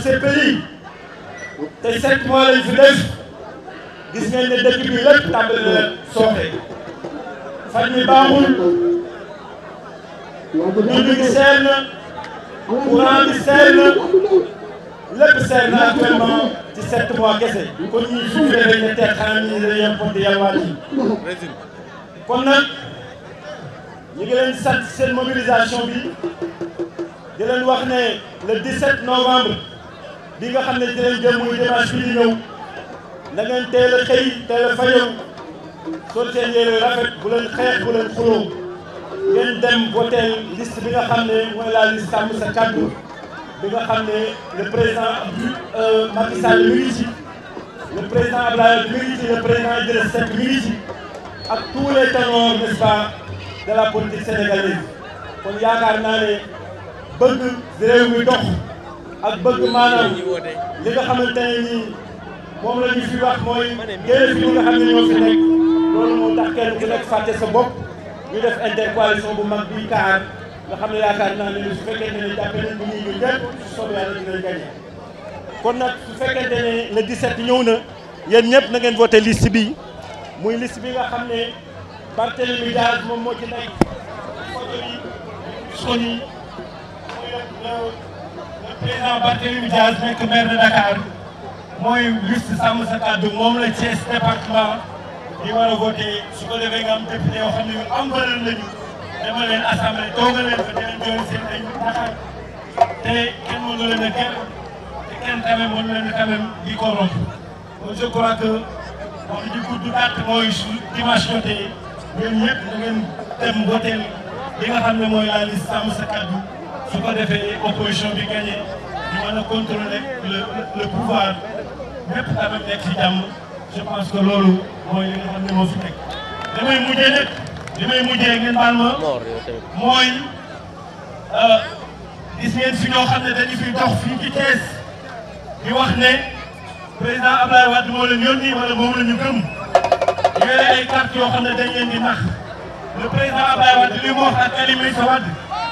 CPI te sept mois lañ fi def gis ngeen ne dëkk bi lépp tàmbali na sooxe fan yi baaxul dund gi seer na courant bi seer na lépp seer na actuellement ci sept mois kese kon ñuy suufee dañ ne teel xanaa ni dañuy yem foofu di yalwaat yi kon nag ñu ngi leen seen mobilisation bi di leen wax ne le 17 novembre bi nga xam ne ci lañ jëm muy na ngeen teel a xëy teel a fayaw sol seen yére rafet bu leen xeex bu leen ngeen dem voteel liste bi nga xam ne mooy la liste sàmm sa kàddu bi nga xam ne le président Abdou euh, Macky Sall mi ngi ci le président Abdoulaye mi ngi ak tous les ténors n'est-ce pas la politique kon yaakaar naa ne bëgg réew mi ak bëgg maanaam li nga xamante ne nii moom la fi wax mooy génn fi nga xam ne ñoo fi nekk loolu moo tax kenn ku nekk fàtte sa bopp ñu def intercoalition bu mag bi kaar nga xam ne yaakaar naa ne su fekkente ne jàppe nañ bu ñuy ñu ñëpp su soobee yàlla dinañ gagné kon nag su fekkente ne le 17 ñëw na yéen ñëpp na ngeen voté liste bi muy liste bi nga xam ne Barthélémy Diaz moom moo ci nekk. président Barthélémy Dias nekk maire de Dakar mooy liste sàmm sa kàddu moom la Thiès département di war a voté su ko defee nga am député yoo xam ne yu am valeur leen assemblée toogal leen fa dinañ doon seen ay naxar te kenn mënu a kenn tamit mënu leen a quand même di ko romb kon je ji gudd gàtt mooy su dimanche jotee ñun ngeen dem voté li nga xam ne mooy la liste sàmm sa kàddu su ko defee opposition bi gagné ñu mën a contrôler le le pouvoir ñëpp tamit nekk ci jàmm je pense que loolu mooy li nga xam ne moo fi nekk. damay mujjee nag li may ngeen baal ma mooy euh, gis ngeen fi ñoo xam ne dañu fi dox fii ci Thiès di wax ne président Abdoulaye Wade moo leen yónni wala moom la ñu gëm yore ay carte yoo xam ne dañ leen di nax le président Abdoulaye Wade li mu wax ak Karim Meïssa Wade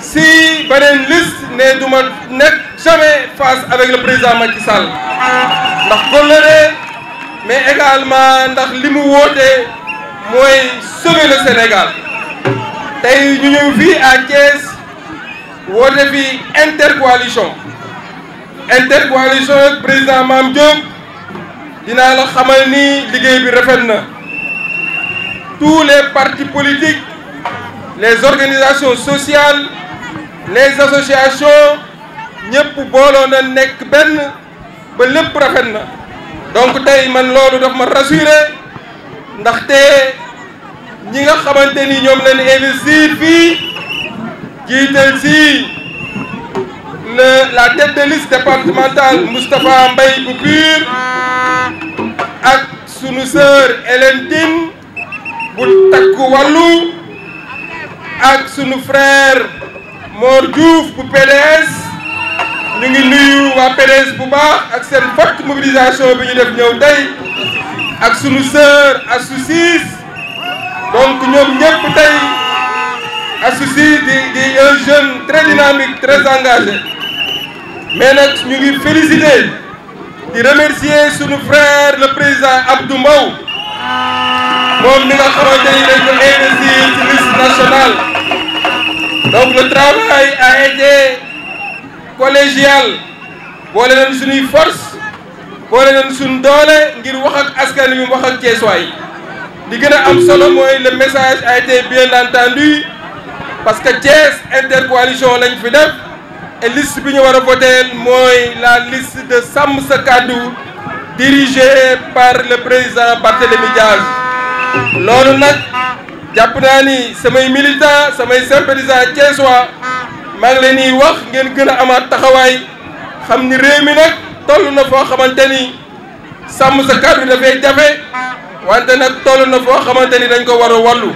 si beneen liste ne du ma nekk jamais face avec le président Macky Sall ndax kóllëre mais également ndax li mu woote mooy sauver le Sénégal tey ñu ñëw fii à Thiès woote fii intercoalition intercoalition ak président Mame Diop dinaa la xamal ni liggéey bi rafet na tous les partis politiques les organisations sociales les associations ñëpp booloo na nekk benn ba lépp rafet na donc tey man loolu daf ma rassuré ndaxte ñi nga xamante ni ñoom leen investir fii jiital si la tête de liste départementale Moustapha Mbaye bu PUR ak sunu sœur Hélène bu takku wàllu ak sunu frère Mor Diouf bu PDS ñu ngi nuyu waa PDS bu baax ak seen forte mobilisation bi ñu def ñëw tey ak sunu sœur Astou Cissé donc ñoom ñëpp tey Astou Cissé di un jeune très dynamique très engagé mais nag ngi féliciter di remercier sunu frère le président Abdou Mbow moom mi nga xamante ni dañ ko investir ci donc le travail a été collégial boole leen suñuy force boole leen suñ doole ngir wax ak askan wi wax ak Ceesuwaay yi li gën a am solo mooy le message a été bien entendu parce que Thiès intercoalition lañ fi def et liste bi ñu war a voter mooy la liste de Sàmm Sa Kàddu dirigée par le président Barthélémy Diaz loolu nag jàpp naa ni samay militant samay sympathisant Thiessois maa ngi leen di wax ngeen gën a amaat taxawaay xam ni réew mi nag toll na foo xamante ni sàmm sa kàddu dafay jafe wante nag toll na foo xamante ni dañ ko war a wallu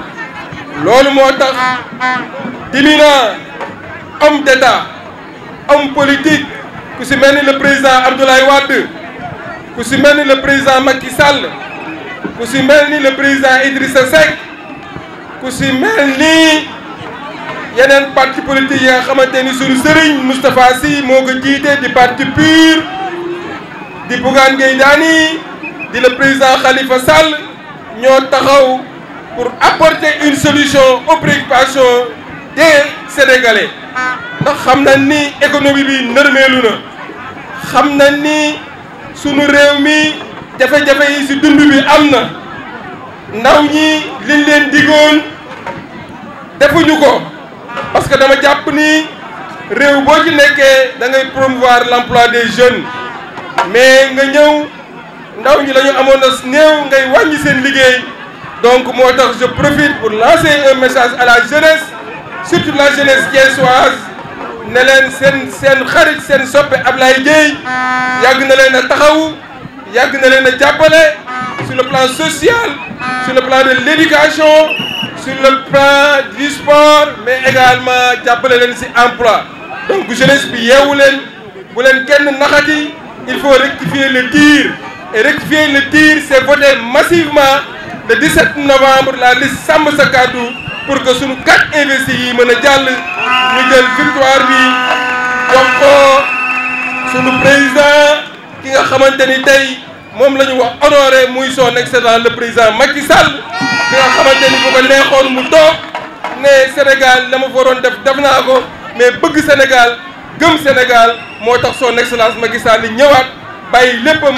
loolu moo tax dimina homme d'état homme politique ku si mel ni le président Abdoulaye ku si mel ni le président Macky Sall ku si mel ni le président Idrissa Seck ku si mel nii yeneen parti politique yi nga xamante ni suñu sëriñ Moustapha Sy moo ko jiite di parti PUR di Bougane Gueye Dany di le président Khalifa Sall ñoo taxaw pour apporter une solution aux préoccupations des Sénégalais ndax xam na ni économie bi nërmeelu na xam na ni sunu réew mi jafe-jafe yi si dund bi am na ndaw ñi liñ leen digoon defuñu ko parce que dama jàpp ni réew boo ci nekkee da ngay promouvoir l'emploi des jeunes mais nga ñëw ndaw ñi lañu amoon as néew ngay wàññi seen liggéey donc moo tax je profite pour lancer un message à la jeunesse surtout la jeunesse thiessoise ne leen seen seen xarit seen soppe Ablaye Dièye yàgg na leen a taxaw yàgg na leen a jàppale sur le plan social sur le plan de l'éducation sur le plan du sport mais également jàppale leen ci emploi donc jeunesse bi yeewu leen bu kenn naxati il faut rectifier le tir et rectifier le tir c'est voter massivement le 17 novembre la liste Sàmm Sa Kàddu pour que sunu quatre investis mën a jàll ñu jël bi jox président ki nga ni tey moom la ñu wax honoré muy son excellence le président Macky Sall bi nga xamante ni bu neexoon mu toog ne Sénégal la ma waroon def def naa ko mais bëgg Sénégal gëm Sénégal moo tax son excellence Macky Sall ñëwaat bàyyi léppam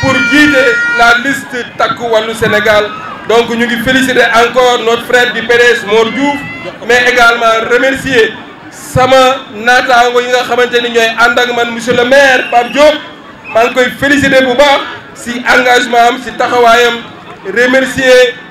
pour jiite la liste takku wàllu Sénégal donc ñu ngi féliciter encore notre frère du PDS Mor Diouf mais également remercier sama naataango yi nga xamante ni ñooy ànd ak man monsieur le maire Pape Diop. maa ngi koy féliciter bu baax si engagement am si taxawaayam remercier